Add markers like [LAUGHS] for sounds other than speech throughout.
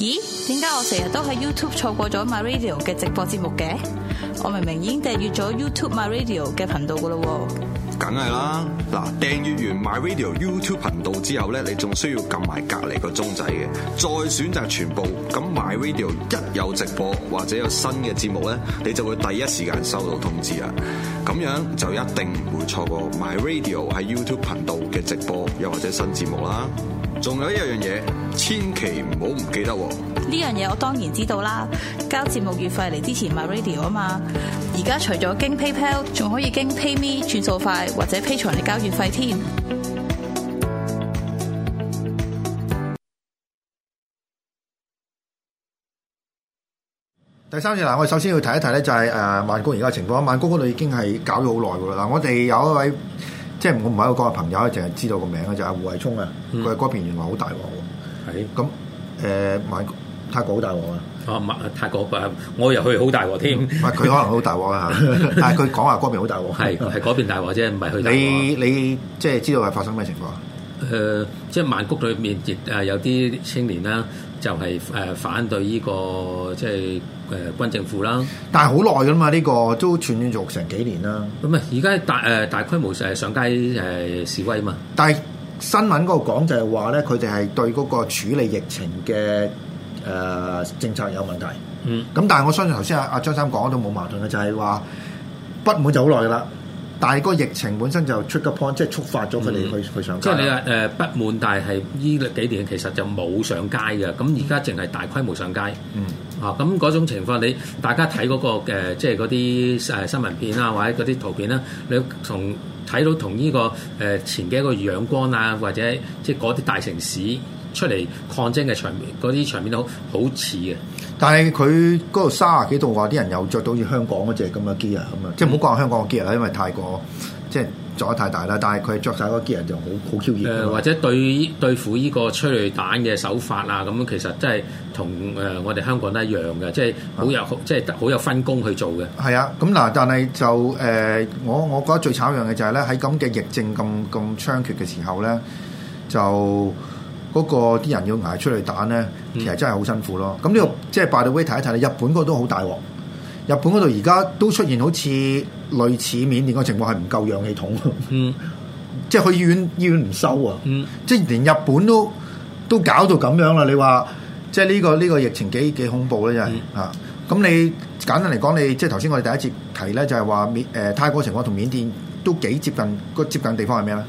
咦？點解我成日都喺 YouTube 錯過咗 My Radio 嘅直播節目嘅？我明明已經訂閱咗 YouTube My Radio 嘅頻道噶咯喎。梗係啦，嗱，訂閱完 My Radio YouTube 頻道之後咧，你仲需要撳埋隔籬個鐘仔嘅，再選擇全部。咁 My Radio 一有直播或者有新嘅節目咧，你就會第一時間收到通知啦！咁樣就一定唔會錯過 My Radio 喺 YouTube 頻道嘅直播又或者新節目啦。仲有一樣嘢，千祈唔好唔記得喎！呢樣嘢我當然知道啦，交節目月費嚟之前買 radio 啊嘛。而家除咗經 PayPal，仲可以經 PayMe 轉數快或者 Pay 財嚟交月費添。第三日嗱，我首先要提一提咧，就係誒萬國而家嘅情況。萬國嗰度已經係搞咗好耐㗎啦。嗱，我哋有一位。即係我唔係個國外朋友，淨係知道個名啊！就係胡慧聰啊，佢喺嗰邊原來好大鑊喎。係咁、嗯，誒、呃、曼谷泰國好大鑊啊！啊曼泰國又、嗯、啊，我入去好大鑊添。唔係佢可能好大鑊啊， [LAUGHS] 但係佢講話嗰邊好大鑊，係係嗰邊大鑊啫，唔係去你。你你即係知道係發生咩情況啊、呃？即係曼谷裡面亦誒有啲青年啦。就係、是、誒、呃、反對呢、這個即係誒、呃、軍政府啦，但係好耐㗎嘛，呢、這個都串聯咗成幾年啦。咁、呃、啊，而家大誒大規模就係上街誒、呃、示威啊嘛，但。但係新聞嗰度講就係話咧，佢哋係對嗰個處理疫情嘅誒、呃、政策有問題。嗯。咁但係我相信頭先阿阿張三講都冇矛盾嘅，就係、是、話不滿就好耐㗎啦。但係個疫情本身就出個 point，即係觸發咗佢哋去、嗯、去上街即。即係你話誒不滿，但係呢幾年其實就冇上街嘅，咁而家淨係大規模上街。嗯。啊，咁嗰種情況你大家睇嗰、那個、呃、即係嗰啲誒新聞片啊，或者嗰啲圖片啦，你從睇到同呢個誒、呃、前幾個月仰光啊，或者即係嗰啲大城市出嚟抗爭嘅場嗰啲場面都好似嘅。但係佢嗰度卅幾度話，啲人又着到似香港嗰隻咁嘅夾啊咁啊，即係唔好講香港嘅夾啦，因為太過即係裝得太大啦。但係佢着晒嗰個夾就好好 Q 熱。誒，或者對對付呢個催淚彈嘅手法啊，咁其實真係同誒我哋香港都一樣嘅，即係好有即係好有分工去做嘅。係啊，咁、嗯、嗱，但係就誒、呃，我我覺得最慘一樣嘅就係咧，喺咁嘅疫症咁咁猖獗嘅時候咧，就，嗰個啲人要捱出去打咧，其實真係好辛苦咯。咁呢、嗯呢個、嗯、即係 by the way 睇一睇，日本嗰度都好大鑊。日本嗰度而家都出現好似類似緬甸個情況，係唔夠氧氣筒，嗯，即係去醫院醫院唔收啊。嗯，即係連日本都都搞到咁樣啦。你話即係、呢、呢個呢、呢個疫情幾幾恐怖咧、啊？就係嚇。咁、啊、你簡單嚟講，你即係頭先我哋第一節提咧，就係話緬誒泰國情況同緬甸都幾接近，個接近地方係咩咧？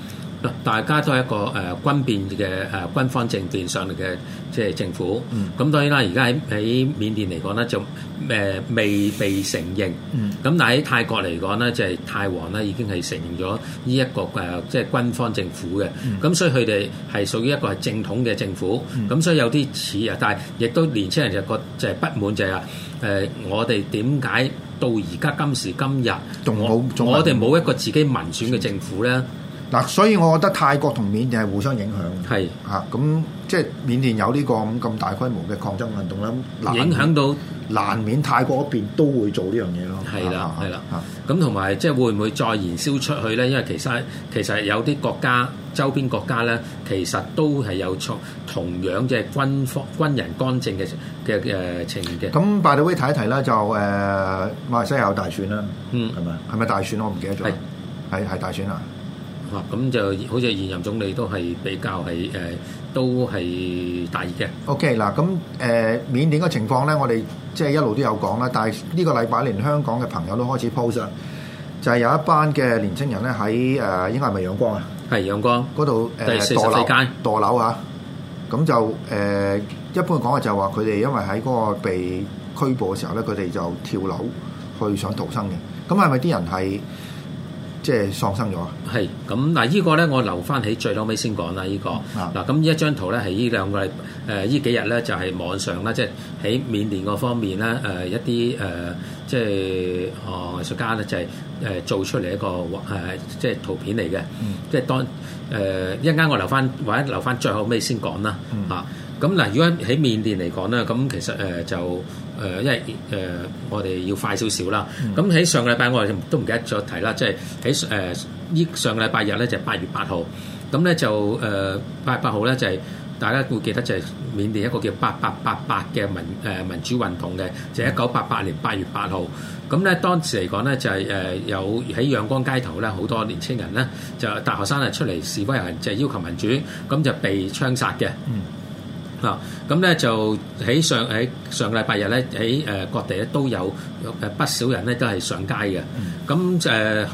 大家都係一個誒、呃、軍變嘅誒、呃、軍方政變上嚟嘅即係政府，咁、嗯、當然啦。而家喺喺緬甸嚟講咧，就誒、呃、未被承認。咁、嗯、但係喺泰國嚟講咧，就係、是、泰王咧已經係承認咗呢一個誒即係軍方政府嘅。咁、嗯、所以佢哋係屬於一個係正統嘅政府。咁、嗯、所以有啲似啊，但係亦都年輕人就覺就係不滿就係、是、誒、呃、我哋點解到而家今時今日我我哋冇一個自己民選嘅政府咧？嗱、啊，所以我覺得泰國同緬甸係互相影響嘅，係咁是、啊嗯、即係緬甸有呢、這個咁咁大規模嘅抗爭運動咧，影響到難免泰國一邊都會做呢樣嘢咯。係啦、啊，係、啊、啦，咁同埋即係會唔會再燃燒出去咧？因為其實其實有啲國家，周邊國家咧，其實都係有同同樣即係軍方軍人幹政嘅嘅誒情嘅。咁 by the way 睇一睇啦，就誒馬來西亞有大選啦，嗯，係咪係咪大選？我唔記得咗，係係大選啊！啊，咁就好似現任總理都係比較係誒，都係大熱嘅。OK，嗱咁誒，緬甸嘅情況咧，我哋即係一路都有講啦。但係呢個禮拜連香港嘅朋友都開始 post，就係有一班嘅年輕人咧喺誒，應該係咪仰光啊？係仰光嗰度誒墮樓，墮樓嚇。咁就誒，一般講嘅就係話佢哋因為喺嗰個被拘捕嘅時候咧，佢哋就跳樓去想逃生嘅。咁係咪啲人係？即係喪生咗啊！係咁嗱，依、呢個咧我留翻喺最後尾先講啦。依、呢個嗱咁呢一張圖咧喺呢兩個係誒依幾日咧就係網上啦、就是呃呃，即係喺緬甸個方面咧誒一啲誒即係哦藝術家咧就係、是、誒、呃、做出嚟一個畫誒、呃、即係圖片嚟嘅，嗯、即係當誒一陣間我留翻或者留翻最後尾先講啦嚇。嗯啊咁嗱，如果喺緬甸嚟講咧，咁其實誒就誒，因為誒、呃、我哋要快少少啦。咁喺、嗯、上個禮拜我哋都唔記得咗提啦，即係喺誒依上個禮拜日咧就係八月八號。咁咧就誒八、呃、月八號咧就係、是、大家會記得就係緬甸一個叫八八八八嘅民誒、呃、民主運動嘅，就一九八八年八月八號。咁咧當時嚟講咧就係誒有喺仰光街頭咧好多年青人咧就大學生啊出嚟示威啊，就係、是、要求民主，咁就被槍殺嘅。嗯啊！咁咧就喺上喺上個禮拜日咧喺誒各地咧都有誒不少人咧都係上街嘅。咁誒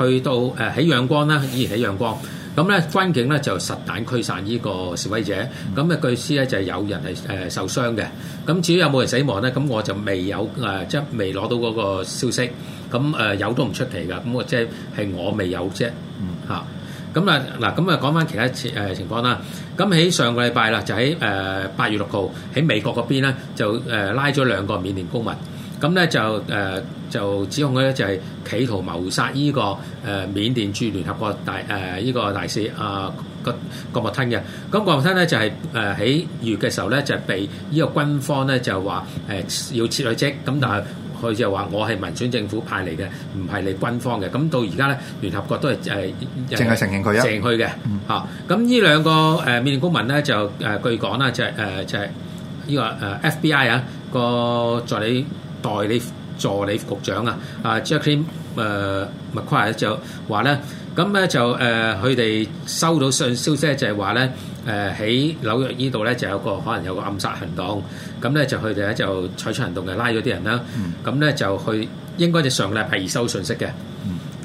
去到誒喺仰光啦，以前喺仰光。咁咧軍警咧就實彈驅散呢個示威者。咁啊據知咧就係有人係誒受傷嘅。咁至於有冇人死亡咧，咁我就未有誒即係未攞到嗰個消息。咁誒有都唔出奇㗎。咁我即係係我未有啫。嗯，嚇。咁啊，嗱，咁啊，講翻其他誒情況啦。咁喺上個禮拜啦，就喺誒八月六號喺美國嗰邊咧，就誒拉咗兩個緬甸公民。咁咧就誒就指控佢咧就係企圖謀殺呢個誒緬甸駐聯合國大誒依、啊這個大使阿覺覺莫吞嘅。咁覺莫吞咧就係誒喺二月嘅時候咧就係被呢個軍方咧就話誒要撤去職。咁但係。佢就話：我係民選政府派嚟嘅，唔係你軍方嘅。咁到而家咧，聯合國都係誒，淨係承認佢啊，承認佢嘅嚇。咁呢兩個誒緬甸公民咧，就誒據講咧，就係誒就係呢個誒 FBI 啊個助理代理助理局長啊，啊 Jackie 誒麥夸就話咧，咁咧就誒佢哋收到信消息咧，就係話咧誒喺紐約呢度咧，就有一個可能有個暗殺行動。咁咧就佢哋咧就採取行動嘅，拉咗啲人啦。咁咧就佢應該就上禮拜二收信息嘅。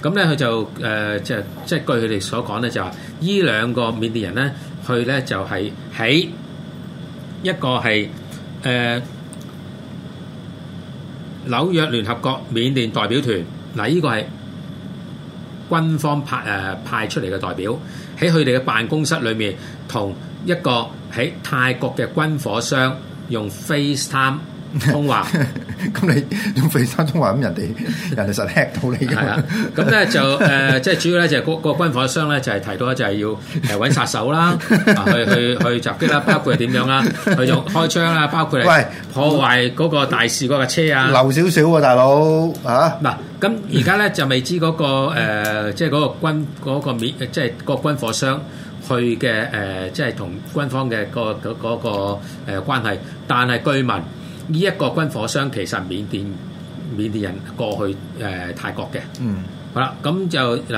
咁咧佢就誒即係即係據佢哋所講咧，就話依兩個緬甸人咧，佢咧就係喺一個係誒紐約聯合國緬甸代表團嗱，呢個係軍方派誒派出嚟嘅代表喺佢哋嘅辦公室裏面，同一個喺泰國嘅軍火商。用 FaceTime 通、， [LAUGHS] 嗯、FaceTime 通話，咁你用 FaceTime 通話，咁人哋人哋實聽到你噶。係、嗯、啊，咁咧就誒，即係主要咧就係嗰個軍火商咧就係提到就係要誒搵殺手啦， [LAUGHS] 去去去襲擊啦，包括點樣啦，去用開槍啦，包括破壞嗰個大事嗰架車啊。留少少喎，大佬嚇。嗱、啊，咁而家咧就未知嗰、嗰個誒、呃就係嗰個，即係、嗰、嗰個軍個面，即係個軍火商。佢嘅誒即係同軍方嘅、那個嗰嗰、那個誒、那個呃、關係，但係據聞呢一、這個軍火商其實緬甸緬甸人過去誒、呃、泰國嘅，嗯好，好啦，咁、這個、就嗱、是、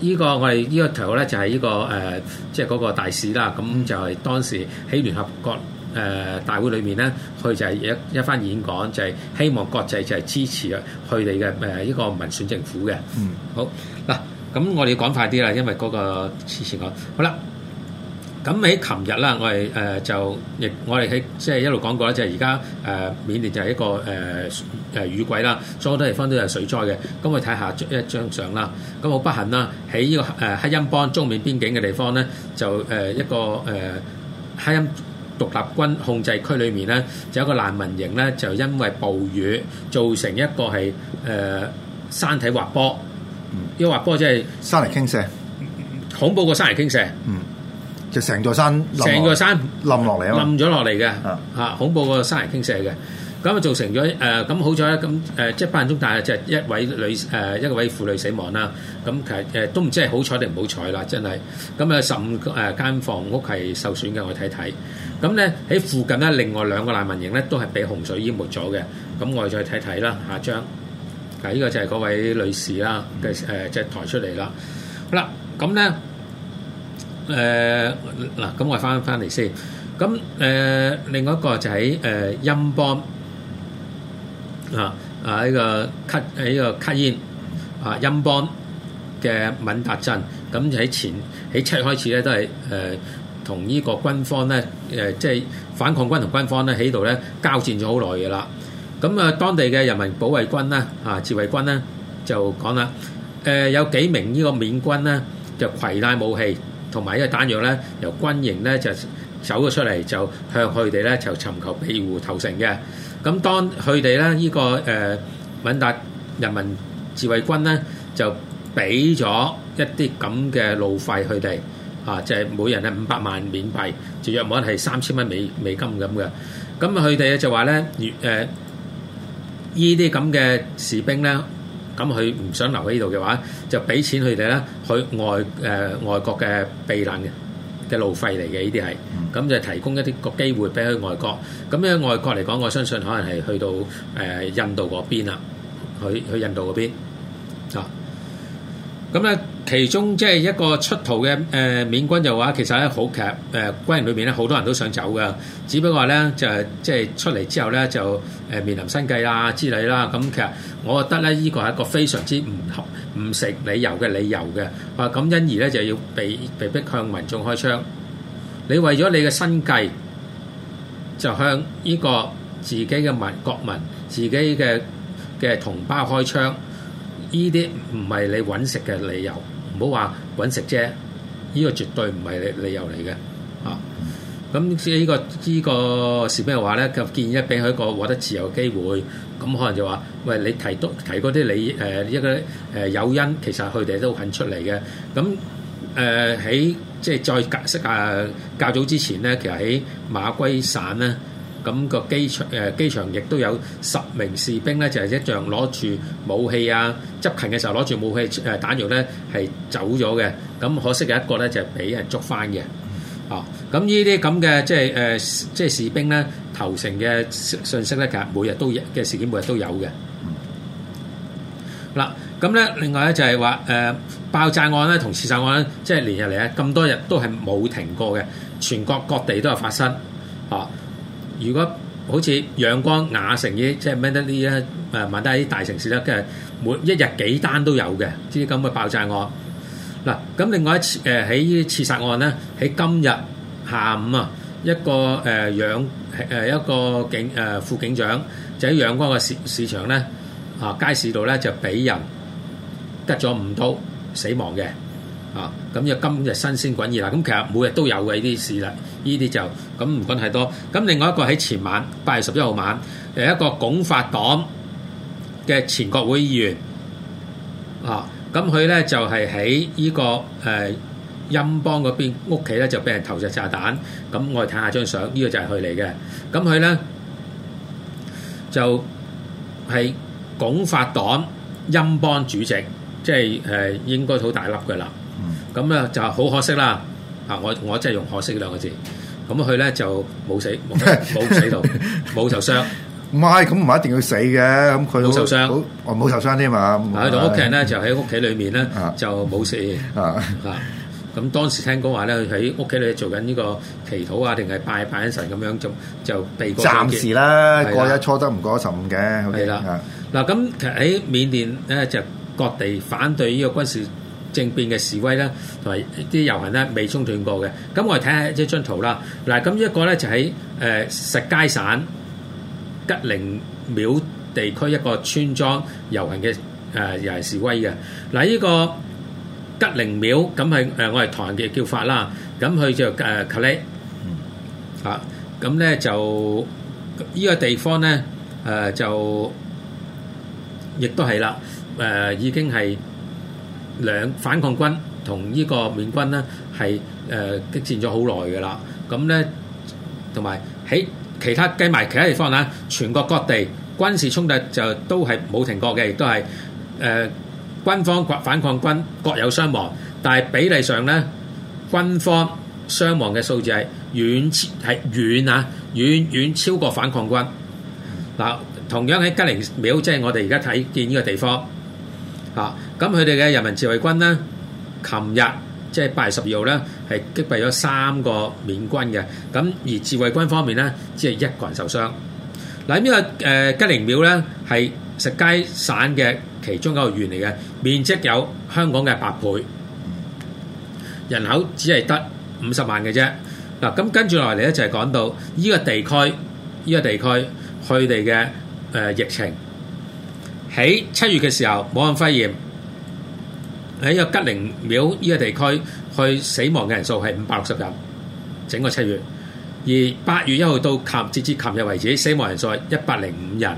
呢、這個我哋呢個圖咧就係呢個誒即係嗰個大使啦，咁就係當時喺聯合國誒、呃、大會裏面咧，佢就係一一番演講，就係、是、希望國際就係支持佢哋嘅誒一個民選政府嘅，嗯好，好嗱。咁我哋要講快啲啦，因為嗰、那個遲遲講。好啦，咁喺琴日啦，我哋誒就亦我哋喺即係一路講過啦，就係而家誒緬甸就係一個誒誒、呃、雨季啦，好多地方都有水災嘅。咁我睇下一張相啦。咁好不幸啦，喺呢、這個誒克欽邦中緬邊境嘅地方咧，就誒、呃、一個誒克欽獨立軍控制區裏面咧，就有一個難民營咧，就因為暴雨造成一個係誒、呃、山體滑坡。一、嗯嗯、個滑坡即係山泥傾瀉，恐怖個山泥傾瀉，嗯，就成座山，成座山冧落嚟冧咗落嚟嘅，吓，恐怖個山泥傾瀉嘅，咁啊造成咗誒，咁好彩咧，咁誒即係八人中，但係就一位女誒、呃、一位婦女死亡啦，咁、嗯、其實誒、呃、都唔知係好彩定唔好彩啦，真係，咁啊十五誒間房屋係受損嘅，我睇睇，咁咧喺附近咧另外兩個難民營咧都係被洪水淹沒咗嘅，咁我哋再睇睇啦，下張。啊！依個就係嗰位女士啦，嘅誒即係抬出嚟啦。好啦，咁咧誒嗱，咁我翻翻嚟先。咁誒、呃，另外一個就喺誒陰邦啊、這個這個、啊呢個吸呢個吸煙啊陰邦嘅敏達鎮。咁就喺前喺七開始咧都係誒、呃、同呢個軍方咧誒、呃、即係反抗軍同軍方咧喺度咧交戰咗好耐嘅啦。咁啊，當地嘅人民保衛軍啦，啊自衛軍咧，就講啦，誒有幾名呢個緬軍咧，就攜帶武器同埋呢個彈藥咧，由軍營咧就走咗出嚟，就向佢哋咧就尋求庇護投誠嘅。咁當佢哋咧呢個誒敏達人民自衛軍咧，就俾咗一啲咁嘅路費佢哋，啊就係每人咧五百萬緬幣，就約莫係三千蚊美美金咁嘅。咁佢哋咧就話咧，越誒。呢啲咁嘅士兵咧，咁佢唔想留喺呢度嘅話，就俾錢佢哋咧去外誒、呃、外國嘅避難嘅嘅路費嚟嘅，呢啲係，咁就提供一啲個機會俾佢外國。咁樣外國嚟講，我相信可能係去到誒、呃、印度嗰邊啦，去去印度嗰邊啊。咁咧，其中即係一個出逃嘅誒緬軍就話，其實喺好劇誒軍營裏邊咧，好多人都想走嘅，只不過咧就係即係出嚟之後咧就誒面臨生計啦之類啦。咁其實我覺得咧，呢個係一個非常之唔合唔食理由嘅理由嘅。啊，咁因而咧就要被被逼向民眾開槍。你為咗你嘅生計，就向呢個自己嘅民國民、自己嘅嘅同胞開槍。呢啲唔係你揾食嘅理由，唔好話揾食啫，呢個絕對唔係你理由嚟嘅，啊，咁呢、呢個呢、呢個是咩話咧？就建議俾佢一個獲得自由嘅機會，咁可能就話，喂，你提多提嗰啲你誒一個誒誘因，其實佢哋都肯出嚟嘅，咁誒喺即係再教誒、呃、較早之前咧，其實喺馬歸省咧。咁個機場誒機場亦都有十名士兵咧，就係、是、一樣攞住武器啊，執勤嘅時候攞住武器誒彈、呃、藥咧，係走咗嘅。咁可惜嘅一個咧，就係俾人捉翻嘅。哦、啊，咁呢啲咁嘅即係誒、呃、即係士兵咧投誠嘅信息咧，其實每日都嘅事件每日都有嘅。嗱、啊，咁咧另外咧就係話誒爆炸案咧同刺殺案咧，即係連日嚟咧咁多日都係冇停過嘅，全國各地都有發生啊。啊如果好似仰光、瓦城啲，即係乜得啲啊？誒，曼德勒喺啲大城市咧，跟住每一日幾單都有嘅，呢啲咁嘅爆炸案。嗱，咁另外一次誒喺呢啲刺殺案咧，喺今日下午啊，一個誒陽誒一個警誒、呃、副警長就喺仰光嘅市市場咧啊街市度咧就俾人拮咗五刀死亡嘅。啊！咁又今日新鮮滾熱啦。咁其實每日都有嘅呢啲事啦。依啲就咁唔講太多。咁另外一個喺前晚八月十一號晚，誒一個拱法黨嘅前國會議員啊，咁佢咧就係喺依個誒陰邦嗰邊屋企咧就俾人投擲炸彈。咁我哋睇下張相，依個就係佢嚟嘅。咁佢咧就係拱法黨陰邦主席，即係誒應該好大粒噶啦。咁咧就好可惜啦！啊，我我真係用可惜兩個字。咁佢咧就冇死，冇死到，冇受傷。唔係，咁唔係一定要死嘅。咁佢都冇受傷，我冇受傷添嘛。佢同屋企人咧就喺屋企裏面咧就冇事。啊，咁當時聽講話咧佢喺屋企裏做緊呢個祈禱啊，定係拜拜神咁樣就就被暫時啦，過一初得唔過十五嘅。係啦，嗱咁其實喺緬甸咧就各地反對呢個軍事。政變嘅示威咧，同埋啲遊行咧未衝斷過嘅。咁我哋睇下一張圖啦。嗱，咁一個咧就喺誒石階省吉靈廟地區一個村莊遊行嘅誒遊行示威嘅。嗱，依個吉靈廟咁係誒我哋唐人嘅叫法啦。咁佢就誒 clear 嚇，咁咧就依個地方咧誒就亦都係啦，誒已經係。兩反抗軍同呢個緬軍呢係誒、呃、激戰咗好耐嘅啦，咁呢，同埋喺其他計埋其他地方啦，全國各地軍事衝突就都係冇停過嘅，亦都係誒、呃、軍方國反抗軍各有傷亡，但係比例上呢，軍方傷亡嘅數字係遠超係遠啊，遠遠超過反抗軍。嗱，同樣喺吉靈廟，即係我哋而家睇見呢個地方。啊！咁佢哋嘅人民自衛軍咧，琴日即係八月十二號咧，係擊斃咗三個緬軍嘅。咁而自衛軍方面咧，只係一個人受傷。嗱，呢個誒吉靈廟咧，係石階省嘅其中一個縣嚟嘅，面積有香港嘅八倍，人口只係得五十萬嘅啫。嗱，咁跟住落嚟咧就係講到呢個地區，呢個地區佢哋嘅誒疫情。喺七月嘅時候，武漢肺炎喺個吉靈廟呢個地區，去死亡嘅人數係五百六十人。整個七月，而八月一號到及直至琴日為止，死亡人數係一百零五人。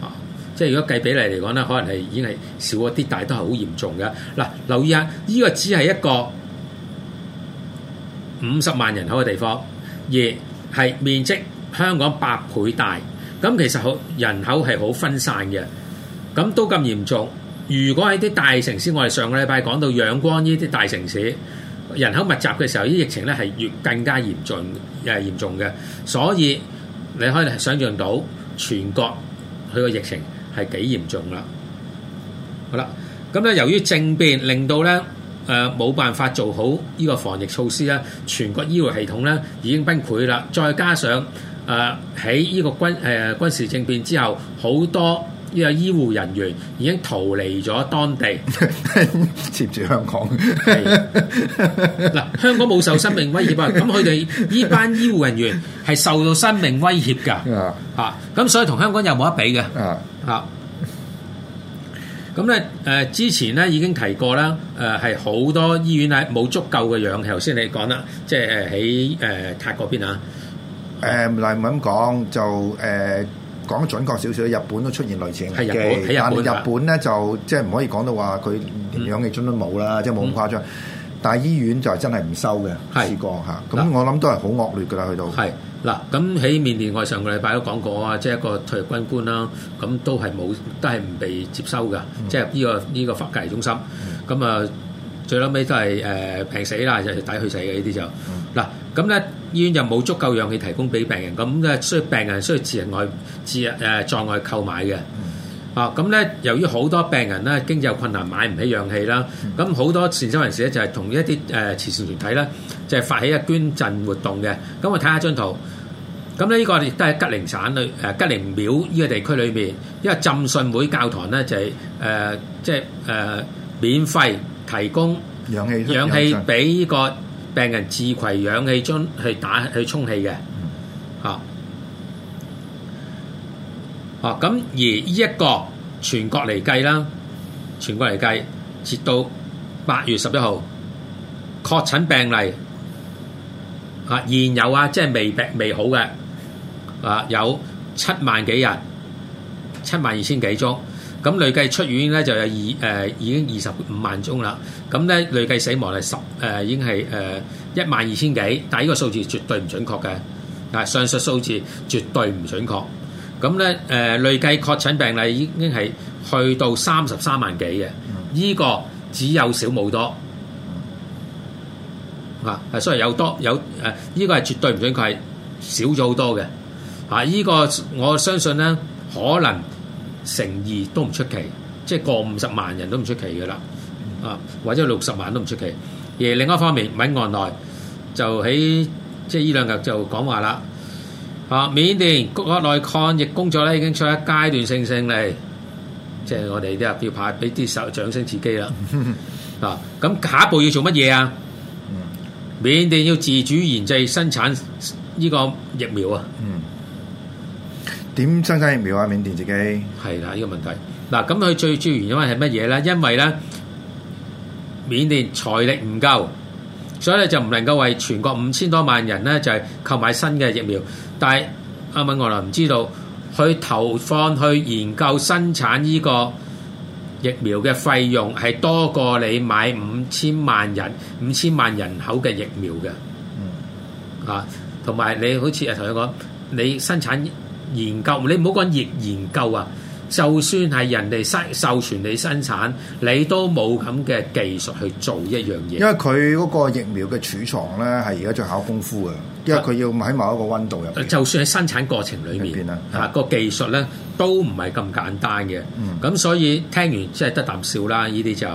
哦、即係如果計比例嚟講咧，可能係已經係少咗啲，但係都係好嚴重嘅。嗱，留意下呢、呢個只係一個五十萬人口嘅地方，而係面積香港百倍大。咁其實好人口係好分散嘅。咁都咁嚴重，如果喺啲大城市，我哋上個禮拜講到仰光呢啲大城市人口密集嘅時候，呢啲疫情咧係越更加嚴重誒嚴重嘅，所以你可以想象到全國佢個疫情係幾嚴重啦。好啦，咁咧由於政變令到咧誒冇辦法做好呢個防疫措施啦，全國醫療系統咧已經崩潰啦，再加上誒喺呢個軍誒、呃、軍事政變之後好多。呢個醫護人員已經逃離咗當地，接住香港。嗱，香港冇受生命威脅，咁佢哋呢班醫護人員係受到生命威脅噶。啊，咁所以同香港有冇得比嘅？啊，咁咧，誒，之前咧已經提過啦，誒，係好多醫院係冇足夠嘅氧氣。頭先你講啦，即係誒喺誒泰國邊啊，誒，唔係咁講就誒。講準確少少，日本都出現類似嘅，但日本咧就即係唔可以講到話佢連氧氣樽都冇啦，即係冇咁誇張。但係醫院就真係唔收嘅，試過嚇。咁我諗都係好惡劣㗎啦，去到。係嗱，咁喺緬甸外，上個禮拜都講過啊，即係一個退役軍官啦，咁都係冇，都係唔被接收㗎，即係呢個呢個發隔離中心。咁啊，最後尾都係誒病死啦，就係抵去死嘅呢啲就嗱。咁咧，醫院就冇足夠氧氣提供俾病人，咁咧需要病人需要自額外自額誒在外購買嘅。啊，咁咧由於好多病人咧經濟有困難買唔起氧氣啦，咁好多善心人士咧就係同一啲誒慈善團體咧就係發起一捐贈活動嘅。咁我睇下張圖，咁咧呢個亦都喺吉林省裏誒吉林廟呢個地區裏邊，一個浸信會教堂咧就係誒即係誒免費提供氧氣氧氣俾呢個。病人自攜氧氣樽去打去充氣嘅，咁、啊、而呢、這、一個全國嚟計啦，全國嚟計，截至到八月十一號，確診病例啊，現有啊，即係未病未好嘅啊，有七萬幾人，七萬二千幾宗。咁累計出院咧就有二誒、呃、已經二十五萬宗啦，咁咧累計死亡係十誒、呃、已經係誒、呃、一萬二千幾，但係呢個數字絕對唔準確嘅，但係上述數字絕對唔準確。咁咧誒累計確診病例已經係去到三十三萬幾嘅，呢個只有少冇多啊，雖然有多有誒，啊呢個係絕對唔準確，係少咗好多嘅。啊，呢個我相信咧可能。成二都唔出奇，即係過五十萬人都唔出奇嘅啦，啊或者六十萬都唔出奇。而另一方面，緬甸國內就喺即係呢兩日就講話啦，啊緬甸國內抗疫工作咧已經出一階段性勝利，即係我哋啲 [LAUGHS] 啊要派俾啲手掌聲刺激啦。啊咁下一步要做乜嘢啊？緬甸要自主研製生產呢個疫苗啊。 [LAUGHS] 嗯點生產疫苗啊？緬甸自己係啦，呢個問題嗱。咁佢最主要原因係乜嘢咧？因為咧緬甸財力唔夠，所以咧就唔能夠為全國五千多萬人咧就係購買新嘅疫苗。但係啱啱我又唔知道佢投放去研究生產呢個疫苗嘅費用係多過你買五千萬人五千萬人口嘅疫苗嘅。嗯啊，同埋你好似啊，同你講你生產。研究你唔好講疫研究啊，就算係人哋生授權你生產，你都冇咁嘅技術去做一樣嘢。因為佢嗰個疫苗嘅儲藏咧，係而家最考功夫啊。因為佢要喺某一個溫度入、啊、就算喺生產過程裡面，個、啊、技術咧都唔係咁簡單嘅。咁、嗯、所以聽完即係得啖笑啦。嗯啊、呢啲就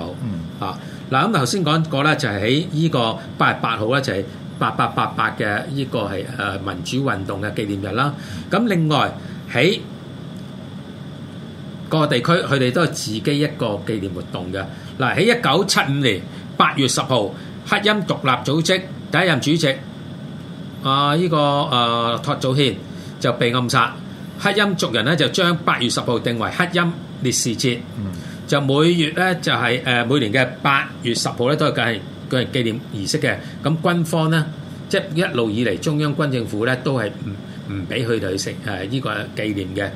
啊嗱咁頭先講過咧，就係喺呢個八月八號咧就係、是。八八八八嘅，呢個係誒民主運動嘅紀念日啦。咁另外喺各個地區，佢哋都係自己一個紀念活動嘅。嗱，喺一九七五年八月十號，克欽獨立組織第一任主席啊，呢個誒托祖憲就被暗殺，克欽族人咧就將八月十號定為克欽烈士節，就每月咧就係誒每年嘅八月十號咧都係計。佢係紀念儀式嘅，咁軍方咧，即係一路以嚟中央軍政府咧都係唔唔俾佢哋食誒依個紀念嘅。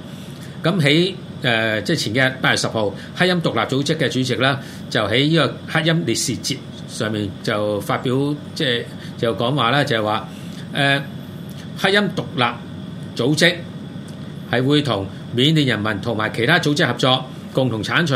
咁喺誒即係前幾日八月十號，克欽獨立組織嘅主席啦，就喺依個克欽烈士節上面就發表即係就講話啦，就係話誒克欽獨立組織係會同緬甸人民同埋其他組織合作，共同鏟除。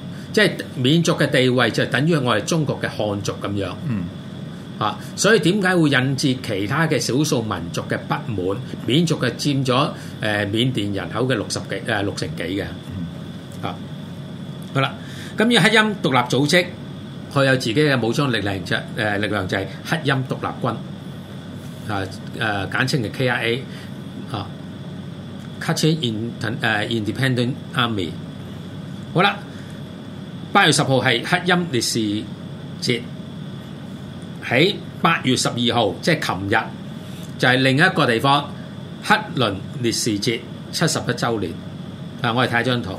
即係緬族嘅地位就等於我哋中國嘅漢族咁樣，嗯，啊，所以點解會引致其他嘅少數民族嘅不滿？緬族就佔咗誒、呃、緬甸人口嘅六十幾誒、呃、六成幾嘅，啊，好啦，咁要克欽獨立組織，佢有自己嘅武裝力量，就誒力量就係克欽獨立軍，啊誒、呃、簡稱嘅 KIA，啊，Kachin in, in, in, in, in Independent Army，好啦。八月十號係克欽烈士節，喺八月十二號，即係琴日，就係另一個地方克倫烈士節七十一周年。嗱，我哋睇張圖，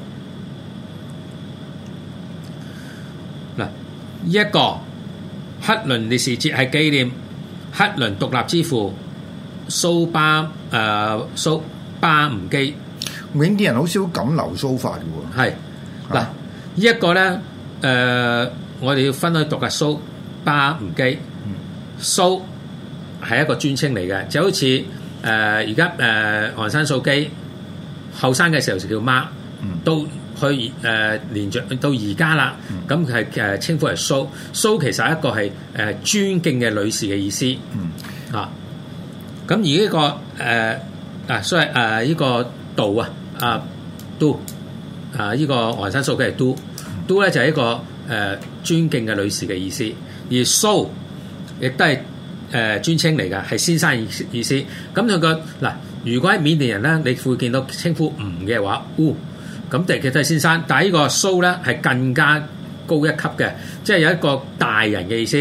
嗱，呢一個克倫烈士節係紀念克倫獨立之父蘇巴誒蘇巴吳基，緬甸人好少噉留蘇法嘅喎，係嗱。呢一個咧，誒、呃，我哋要分開讀嘅。蘇巴吳基，蘇、so, 係一個尊稱嚟嘅，就好似誒而家誒昂山素姬，後生嘅時候就叫媽，都去誒、呃、連着到而家啦，咁佢誒稱呼係蘇。蘇其實係一個係誒、呃、尊敬嘅女士嘅意思，嗯、啊，咁而呢、這個誒啊、呃，所謂誒呢個道啊，啊、呃、都。呃啊！依、這個昂山蘇姬係都都咧，就係、是、一個誒、呃、尊敬嘅女士嘅意思。而蘇、so, 亦都係誒、呃、尊稱嚟嘅，係先生意意思。咁佢個嗱，如果喺緬甸人咧，你會見到稱呼吳嘅話烏，咁即係佢都係先生。但係、so, 呢個蘇咧係更加高一級嘅，即係有一個大人嘅意思，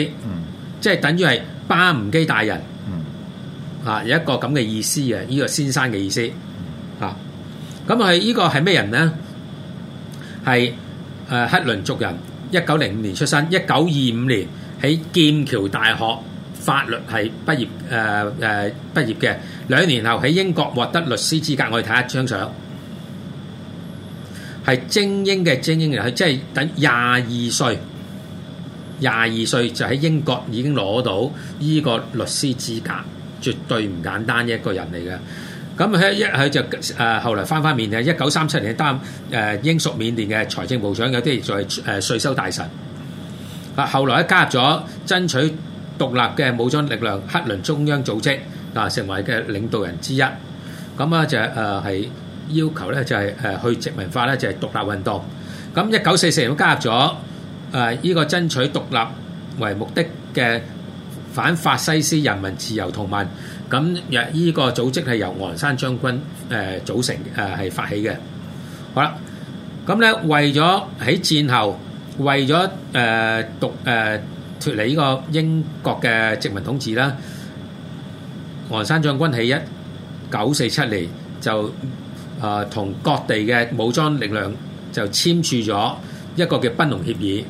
即係、mm. 等於係巴唔基大人。Mm. 啊，有一個咁嘅意思嘅依、這個先生嘅意思。啊，咁啊依個係咩人咧？係誒克倫族人，一九零五年出生，一九二五年喺劍橋大學法律系畢業誒誒畢業嘅，兩年後喺英國獲得律師資格。我哋睇下張相，係精英嘅精英嚟，佢即係等廿二歲，廿二歲就喺英國已經攞到呢個律師資格，絕對唔簡單嘅一個人嚟嘅。咁佢一佢就誒後嚟翻翻面嘅，一九三七年擔誒英屬緬甸嘅財政部長，有啲就係誒稅收大臣。嗱，後來喺加入咗爭取獨立嘅武裝力量克倫中央組織，嗱，成為嘅領導人之一。咁啊就誒係要求咧就係誒去殖民化咧就係獨立運動。咁一九四四年加入咗誒依個爭取獨立為目的嘅反法西斯人民自由同盟。咁呢依個組織係由昂山將軍誒、呃、組成誒係、呃、發起嘅。好啦，咁咧為咗喺戰後為咗誒獨誒脫離呢個英國嘅殖民統治啦，昂山將軍喺一九四七年就誒同、呃、各地嘅武裝力量就簽署咗一個嘅彬龍協議。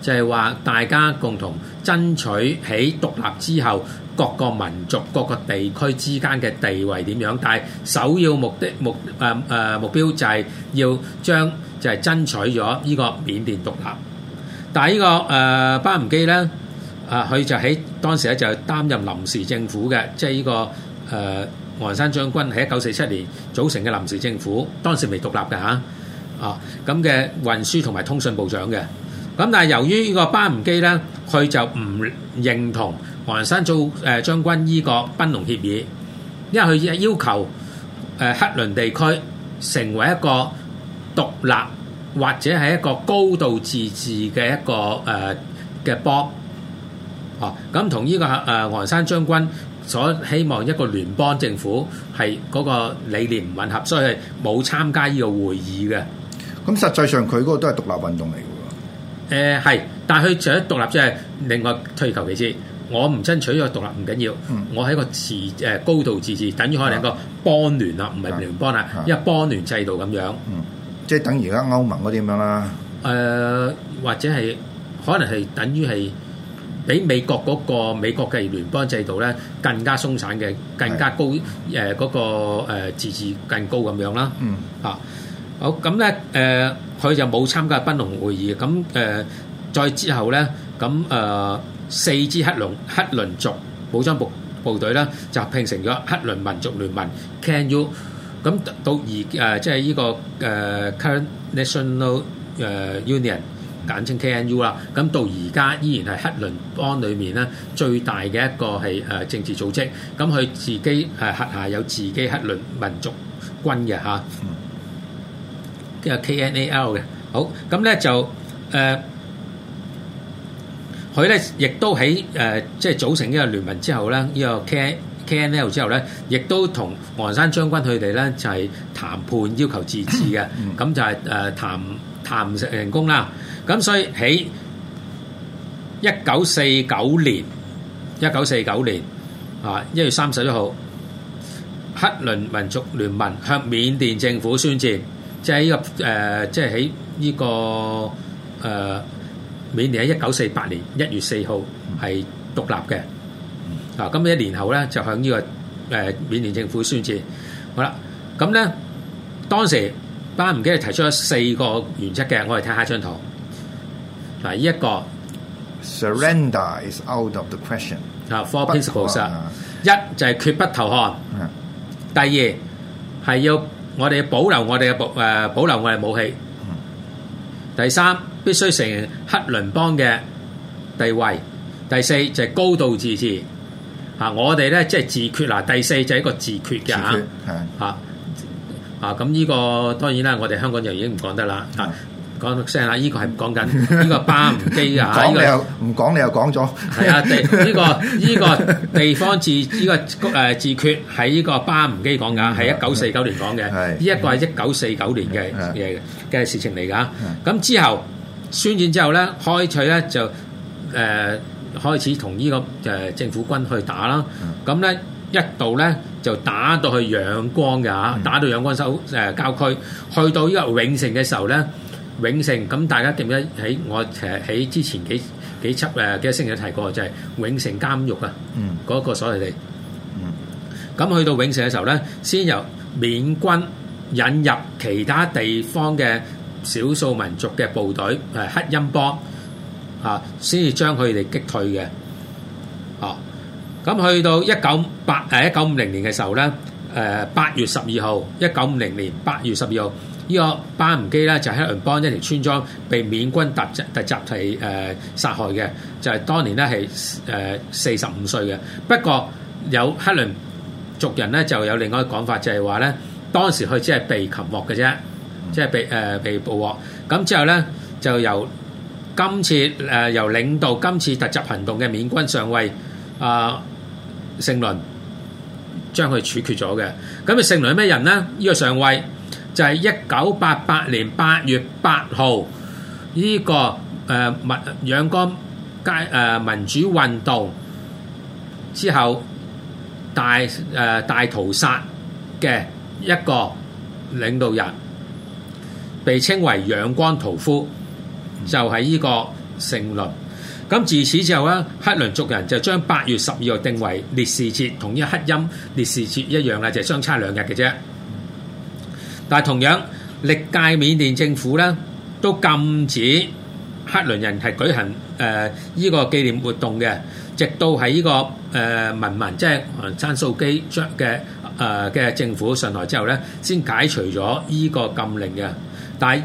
就係話大家共同爭取喺獨立之後，各個民族、各個地區之間嘅地位點樣？但係首要目的目誒誒、呃、目標就係要將就係、是、爭取咗呢個緬甸獨立。但係、這個呃、呢個誒巴林基咧，啊、呃、佢就喺當時咧就擔任臨時政府嘅，即係呢、這個誒昂、呃、山將軍喺一九四七年組成嘅臨時政府，當時未獨立嘅嚇啊咁嘅運輸同埋通訊部長嘅。咁但係由於呢個巴吳基咧，佢就唔認同昂山做誒將軍依個賓隆協議，因為佢要求誒克倫地區成為一個獨立或者係一個高度自治嘅一個誒嘅邦。哦，咁同依個誒昂山將軍所希望一個聯邦政府係嗰個理念唔吻合，所以係冇參加依個會議嘅。咁實際上佢嗰個都係獨立運動嚟。誒係，但係佢除咗獨立，即係另外退求其次。嗯、我唔爭取呢個獨立，唔緊要。我係一個自誒、呃、高度自治，等於可能一個邦聯啦，唔係聯邦啦，一邦、嗯、聯制度咁樣。嗯，即係等於而家歐盟嗰啲咁樣啦。誒、呃，或者係可能係等於係比美國嗰、嗰個美國嘅聯邦制度咧更加鬆散嘅，更加高誒嗰是、呃嗰個自治更高咁樣啦。嗯，嚇、嗯。嗯啊呃嗯。好咁咧，誒，佢就冇參加彬龍會議。咁誒，再之後咧，咁誒四支克倫克倫族武裝部隊咧，就合併成咗克倫民族聯盟 K.N.U。咁到而誒，即係呢個誒 Karen National 誒 Union 簡稱 K.N.U 啦。咁到而家依然係克倫邦裡面咧最大嘅一個係誒政治組織。咁佢自己誒轄下有自己克倫民族軍嘅嚇。叫 K.N.A.L 嘅。好咁咧，就誒佢咧，亦都喺誒即係組成呢個聯盟之後咧，呢個 K.K.N.L 之後咧，亦都同昂山將軍佢哋咧就係談判要求自治嘅，咁就係誒談談成功啦。咁所以喺一九四九年，一九四九年啊一月三十一號，克倫民族聯盟向緬甸政府宣戰。即係呢個誒，即係喺呢個誒，緬甸喺一九四八年一月四號係獨立嘅。嗱，咁一年後咧就向呢個誒緬甸政府宣戰。好啦，咁咧當時巴吳基提出咗四個原則嘅，我哋睇下張圖。嗱，呢一個 Surrender is out of the question。啊，four principles。一就係決不投降。第二係要，我哋保留我哋嘅武保留我哋武器。嗯、第三必須承認克倫邦嘅地位。第四就係、是、高度自治。嚇、啊、我哋咧即係自決嗱、啊，第四就係一個自決嘅嚇嚇嚇，咁呢個當然啦，我哋香港就已經唔講得啦嚇。嗯啊講到聲啦，依個係唔講緊，依個巴吳基啊！講你又唔講，你又講咗。係啊，呢個呢個地方自呢個誒自決係依個巴吳基講噶，係一九四九年講嘅。係，依一個係一九四九年嘅嘢嘅事情嚟㗎。咁之後宣戰之後咧，開取咧就誒開始同依個誒政府軍去打啦。咁咧一度咧就打到去仰光㗎，打到仰光首誒郊區，去到依個永盛嘅時候咧。永盛咁，大家記唔記得喺我誒喺之前幾幾輯誒幾多星期有提過，就係永盛監獄啊，嗰個所謂地。咁去到永盛嘅時候咧，先由緬軍引入其他地方嘅少數民族嘅部隊誒黑音波啊，先至將佢哋擊退嘅。哦，咁去到一九八誒一九五零年嘅時候咧，誒八月十二號，一九五零年八月十二號。呢個巴唔基咧就係克倫邦一條村莊被緬軍突襲突襲係誒、呃、殺害嘅，就係、是、當年咧係誒四十五歲嘅。不過有克倫族人咧就有另外一個講法就，就係話咧當時佢只係被擒獲嘅啫，即係被誒、呃、被捕獲。咁之後咧就由今次誒、呃、由領導今次突襲行動嘅緬軍上尉啊盛倫將佢處決咗嘅。咁啊盛倫係咩人咧？呢、這個上尉，就係一九八八年八月八號，呢個誒民仰光街誒民主運動之後，大誒大屠殺嘅一個領導人，被稱為仰光屠夫，就係呢個聖倫。咁自此之後咧，克倫族人就將八月十二日定為烈士節，同呢個克欽烈士節一樣啦，就係相差兩日嘅啫。但係同樣歷屆緬甸政府咧都禁止克倫人係舉行誒依個紀念活動嘅，直到喺依個誒文文即係昂山素姬將嘅誒嘅政府上台之後咧，先解除咗依個禁令嘅。但係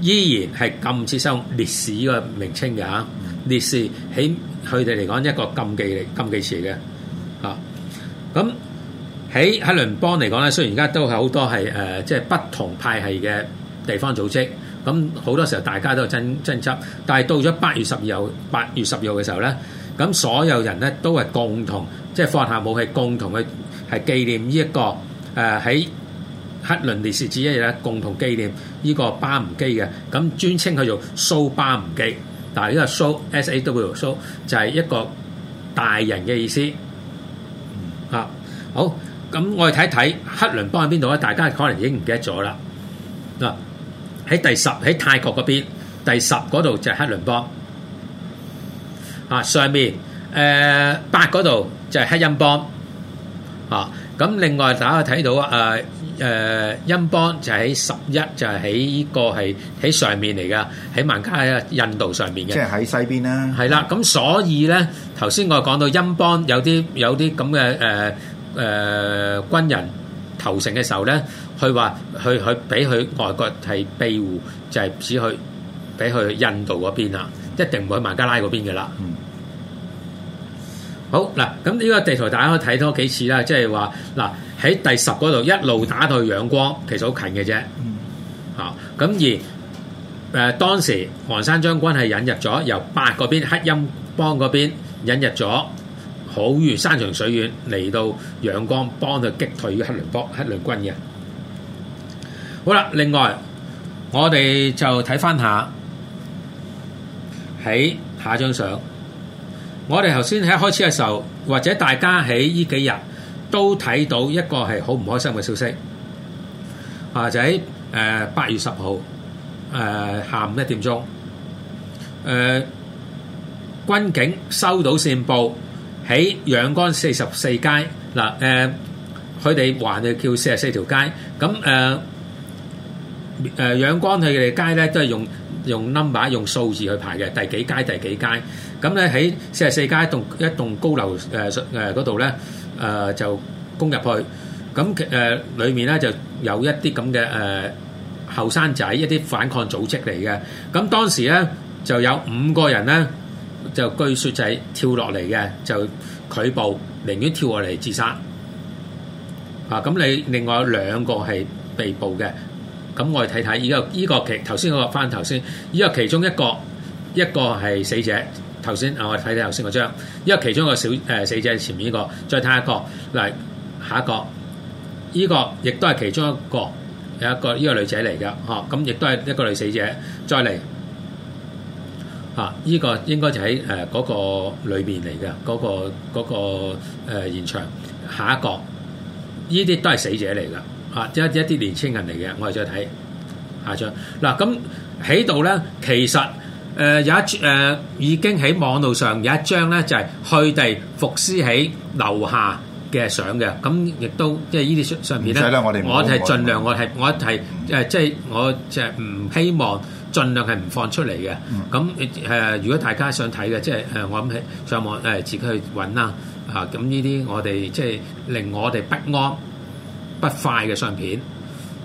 依然係禁止收烈士嘅名稱嘅嚇，烈士喺佢哋嚟講一個禁忌嚟禁忌詞嘅嚇，咁。喺克倫邦嚟講咧，雖然而家都係好多係誒，即係不同派系嘅地方組織，咁好多時候大家都爭爭執，但係到咗八月十二號八月十二號嘅時候咧，咁所有人咧都係共同即係放下武器，共同去係紀念呢一個誒喺克倫烈士節一日咧，共同紀念呢個巴吾基嘅，咁專稱佢做蘇巴吾基，嗱呢個蘇 S A W 蘇就係一個大人嘅意思嚇好。咁我哋睇一睇克倫邦喺邊度咧？大家可能已經唔記得咗啦。嗱，喺第十喺泰國嗰邊，第十嗰度就係克倫邦。啊，上面誒八嗰度就係克欽邦。啊，咁另外大家睇到啊誒欽邦就喺十一，就係喺呢個係喺上面嚟㗎，喺孟加拉印度上面嘅。即係喺西邊啦。係啦，咁所以咧，頭先我講到欽邦有啲有啲咁嘅誒。誒軍人投誠嘅時候咧，佢話：去去俾佢外國係庇護，就係指去俾佢印度嗰邊啦，一定唔會去孟加拉嗰邊嘅啦。嗯。好嗱，咁呢個地圖大家可以睇多幾次啦，即係話嗱喺第十嗰度一路打到去仰光，其實好近嘅啫。嗯。嚇，咁而誒當時韓山將軍係引入咗由八個邊克欽邦嗰邊引入咗。好，如山長水遠嚟到仰光幫佢擊退呢個克倫邦、克倫軍嘅。好啦，另外我哋就睇翻下喺下張相。我哋頭先喺開始嘅時候，或者大家喺呢幾日都睇到一個係好唔開心嘅消息，或者誒八月十號誒下午一點鐘誒，軍警收到線報。喺仰光四十四街嗱，誒佢哋橫住叫四十四條街，咁誒誒仰光佢哋街咧都係用用 number 用數字去排嘅，第幾街第幾街，咁咧喺四十四街一棟一棟高樓誒誒嗰度咧誒就攻入去，咁誒裡面咧就有一啲咁嘅誒後生仔一啲反抗組織嚟嘅，咁當時咧就有五個人咧。就據説就係跳落嚟嘅，就拒捕，寧願跳落嚟自殺。啊！咁你另外有兩個係被捕嘅，咁我哋睇睇依個依、依個其頭先嗰個、嗰個、翻頭先，依個其中一個一個係死者。頭先啊，我哋睇睇頭先嗰張，依個其中一個小誒、呃、死者前面依、依個，再睇一個，嚟下一個，依個亦都係其中一個有一個呢個女仔嚟嘅，嚇咁亦都係一個女死者、啊嗯、一個死者，再嚟。啊！依、這個應該就喺誒嗰個裏邊嚟嘅，嗰、那個嗰、那個誒、呃、現場下一個，呢啲都係死者嚟㗎，嚇、啊！一一啲年青人嚟嘅，我哋再睇下張。嗱咁喺度咧，其實誒、呃、有一誒、呃、已經喺網路上有一張咧，就係佢哋伏屍喺樓下嘅相嘅。咁亦都即係呢啲相上邊咧，我哋盡量，我係我係誒，即係、就是、我就唔希望。儘量係唔放出嚟嘅，咁誒、嗯，如果大家想睇嘅，即係誒，我諗起上網誒，自己去揾啦，啊，咁呢啲我哋即係令我哋不安不快嘅相片，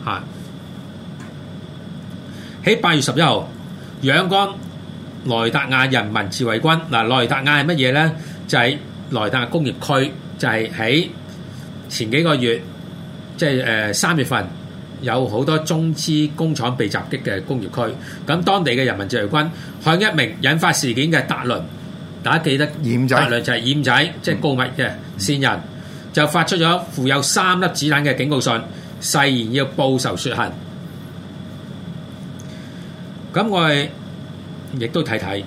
嚇。喺八月十一號，仰光萊達亞人民自衛軍嗱，萊達亞係乜嘢咧？就係、是、萊達亞工業區，就係喺前幾個月，即係誒三月份。有好多中資工廠被襲擊嘅工業區，咁當地嘅人民自衛軍向一名引發事件嘅達倫，大家記得，達倫」，「就係僞仔，即係告密嘅線人，嗯、就發出咗附有三粒子彈嘅警告信，誓言要報仇雪恨。咁我哋亦都睇睇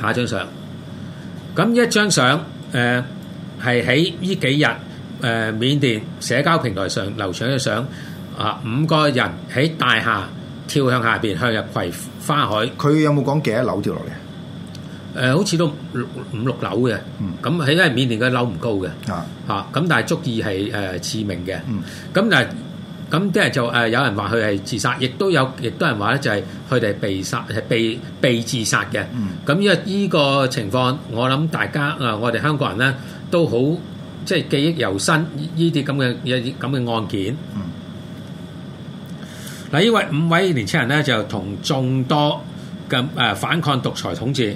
下張相，咁一張相，誒係喺呢幾日誒、呃、緬甸社交平台上流傳嘅相。啊！五個人喺大廈跳向下邊，向日葵花海。佢有冇講幾多樓跳落嚟？誒，好似都五六樓嘅。嗯，咁喺因為緬甸嘅樓唔高嘅。啊，嚇！咁但係足以係誒致命嘅。嗯，咁嗱，咁即係就誒有人話佢係自殺，亦都有亦都人話咧，就係佢哋被殺係被被自殺嘅。嗯，咁因為依個情況，我諗大家啊，我哋香港人咧都好即係記憶猶新依啲咁嘅一啲咁嘅案件。嗯。嗱，呢位五位年輕人咧，就同眾多嘅誒反抗獨裁統治、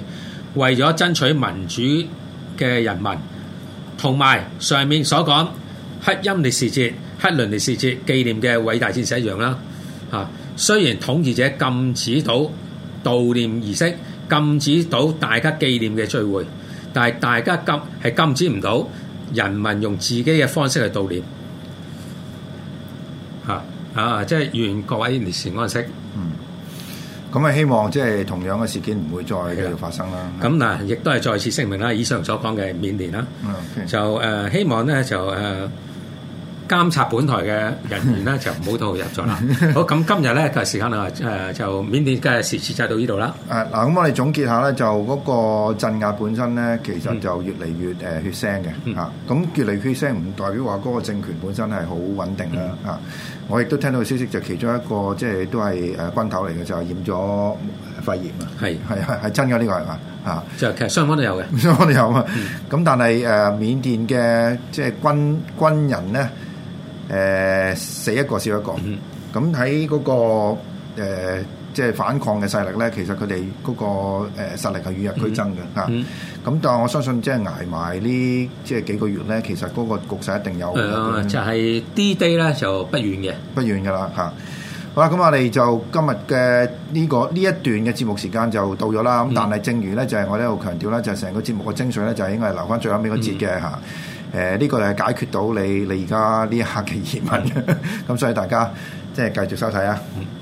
為咗爭取民主嘅人民，同埋上面所講黑陰烈時節、黑倫烈時節紀念嘅偉大戰士一樣啦。嚇，雖然統治者禁止到悼念儀式，禁止到大家紀念嘅聚會，但係大家禁係禁止唔到人民用自己嘅方式嚟悼念。啊！即係願各位烈士安息。嗯，咁啊，希望即係同樣嘅事件唔會再繼續發生啦。咁嗱的、嗯啊，亦都係再次聲明啦，以上所講嘅緬甸啦、嗯 okay. 呃，就誒希望咧就誒。呃監察本台嘅人員咧，就唔好投入咗啦。好，咁，今日咧嘅時間啊，誒就緬甸嘅時事就到呢度啦。誒嗱，咁我哋總結下咧，就嗰個鎮壓本身咧，其實就越嚟越誒血腥嘅嚇。咁越嚟血腥唔代表話嗰個政權本身係好穩定啦嚇。我亦都聽到消息，就其中一個即係都係誒軍頭嚟嘅，就係染咗肺炎。係係係真嘅呢個係嘛嚇？即係其實雙方都有嘅，雙方都有啊。咁但係誒緬甸嘅即係軍軍人咧。誒、呃、死一個少一個，咁喺嗰個、呃、即係反抗嘅勢力咧，其實佢哋嗰個誒實力係與日俱增嘅嚇。咁、mm hmm. 啊、但係我相信即係捱埋呢即係幾個月咧，其實嗰個局勢一定有。Mm hmm. 咁樣，就係 D day 咧就不遠嘅，不遠噶啦嚇。好啦，咁我哋就今日嘅呢、這個呢一段嘅節目時間就到咗啦。咁、啊、但係正如咧，就係、是、我喺度強調咧，就係、是、成個節目嘅精髓咧，就係、是、應該係留返最後尾嗰節嘅嚇。Mm hmm. 誒呢、呃這個係解決到你你而家呢一刻嘅疑問，咁、 [LAUGHS] 嗯、所以大家即係繼續收睇啊！嗯